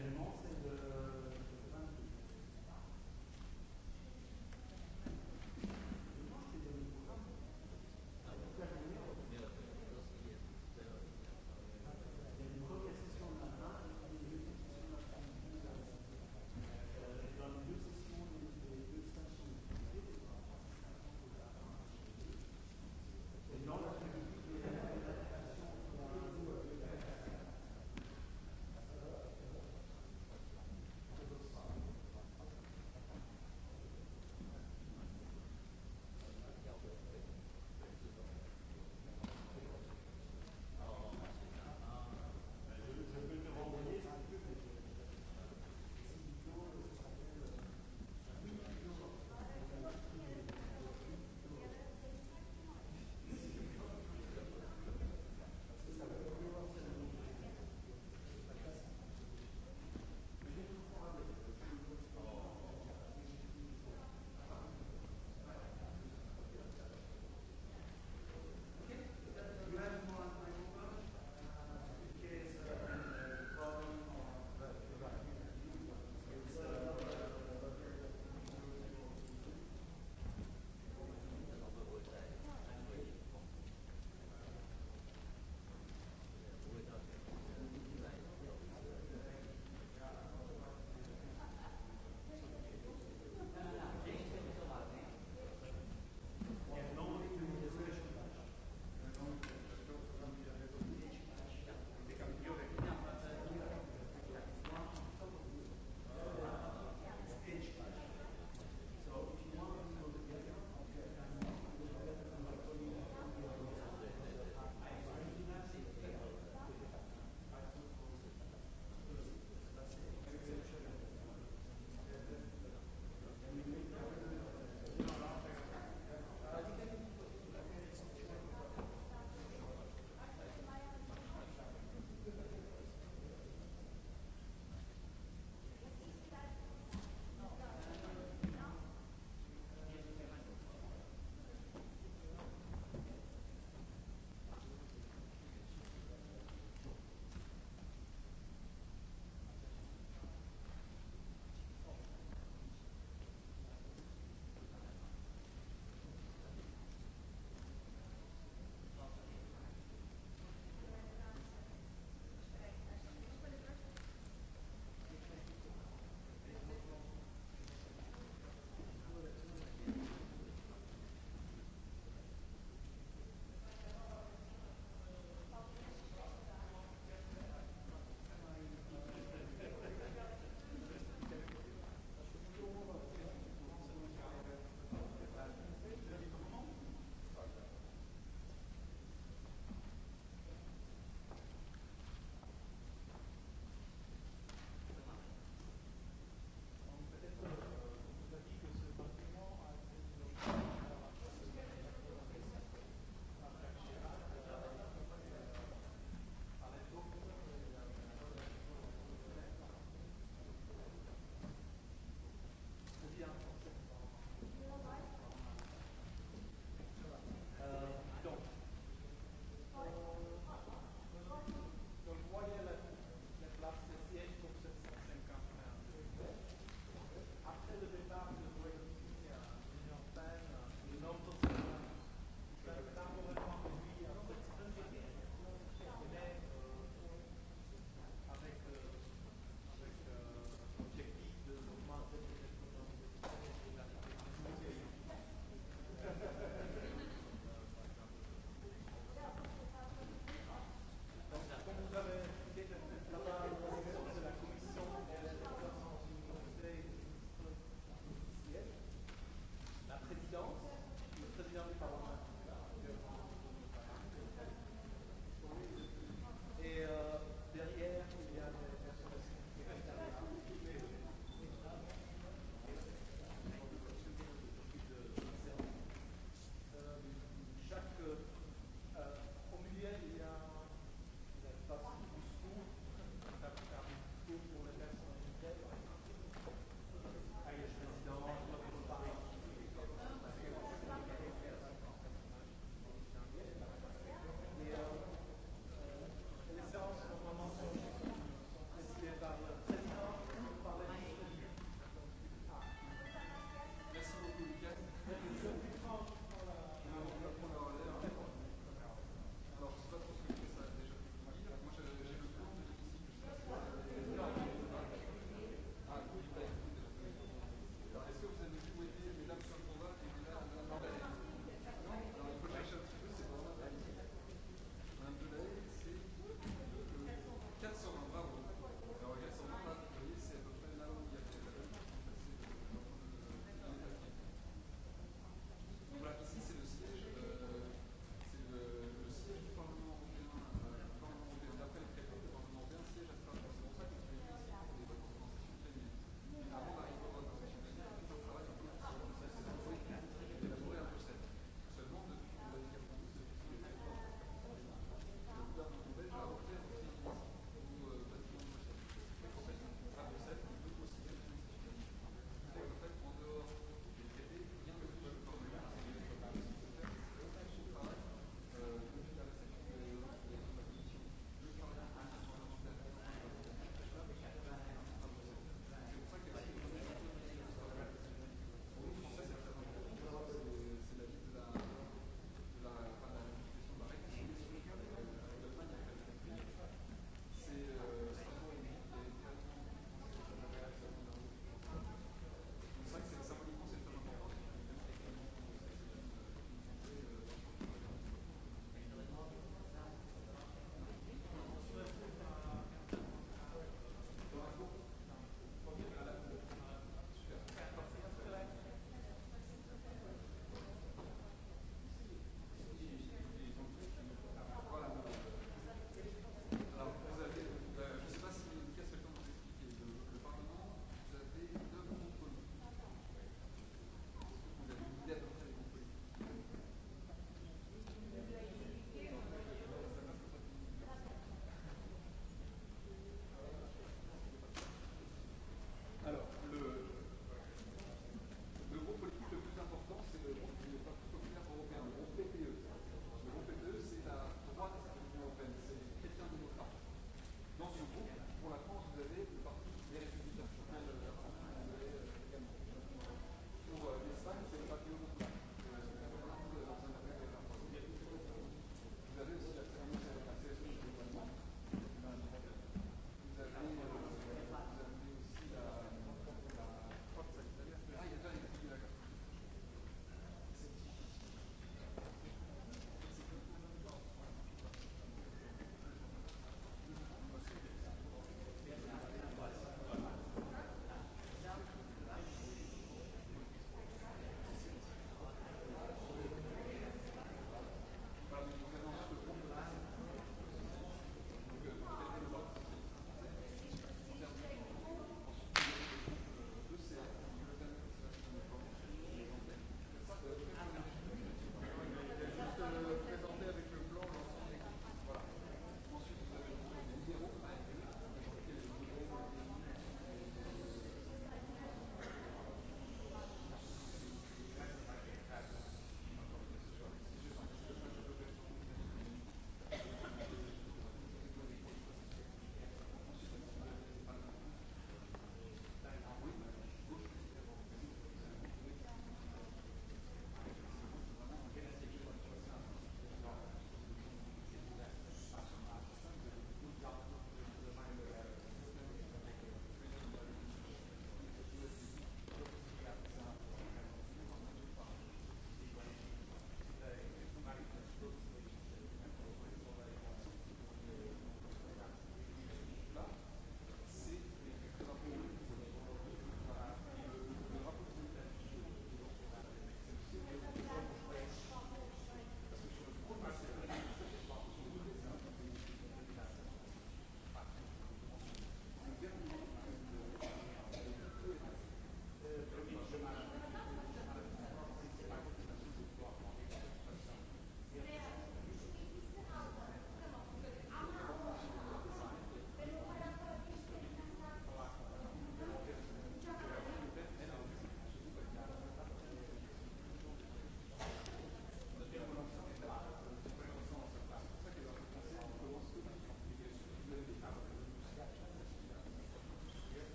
tenemos